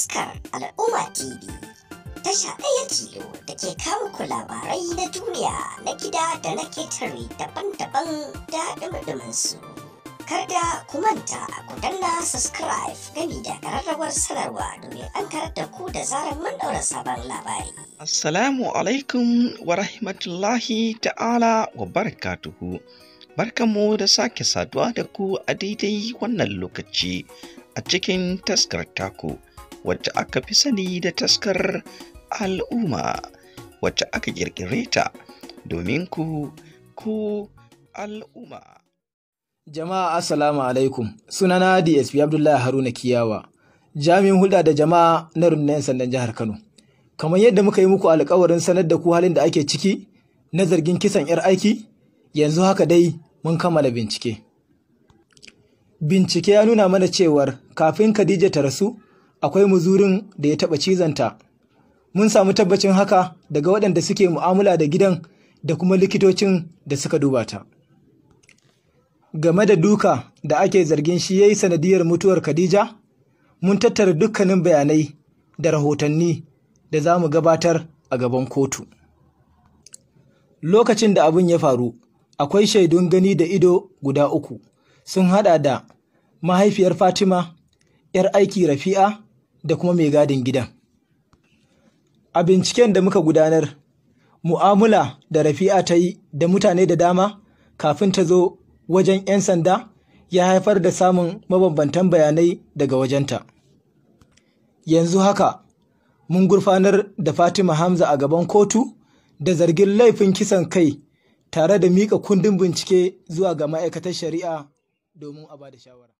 taskar al'umma tv tasha ɗaya tilo da ke kawo ku labarai na duniya na gida da na ketare daban-daban da ɗumɗumin su kada ku manta ku danna subscribe gami da ƙararrawar sanarwa domin an karar da ku da zarar mun ɗaura sabon labari assalamu alaikum wa rahmatullahi ta'ala wa barakatuhu barkanmu da sake saduwa da ku a daidai wannan lokaci a cikin taskar taku wacce aka fi sani da taskar al'umma wacce aka ƙirƙire ta domin ku ku al'umma. Jama'a Assalamu alaikum sunana DSP Abdullahi Haruna Kiyawa jami'in hulɗa da jama'a na rundunar sandan jihar Kano. Kamar yadda muka yi muku alkawarin sanar da ku halin da ake ciki na zargin kisan 'yar aiki yanzu haka dai mun kammala bincike. Bincike ya nuna mana cewar kafin Khadija ta rasu akwai muzurin da ya taɓa cizonta. Mun samu tabbacin haka daga waɗanda suke mu'amala da gidan da kuma likitocin da suka duba ta. Game da duka da ake zargin shi ya yi sanadiyar mutuwar Khadija, mun tattara dukkanin bayanai da rahotanni da za mu gabatar a gaban kotu. Lokacin da abin ya faru, akwai shaidun gani da ido guda uku, sun haɗa da mahaifiyar Fatima ‘yar aiki Rafi'a da kuma mai gadin gidan. A binciken da muka gudanar, mu'amula da Rafi'a ta yi da mutane da dama kafin ta zo wajen 'yan sanda ya haifar da samun mabambantan bayanai daga wajenta. Yanzu haka, mun gurfanar da Fatima Hamza a gaban kotu da zargin laifin kisan kai tare da miƙa kundin bincike zuwa ga ma'aikatar shari'a domin a ba da shawara.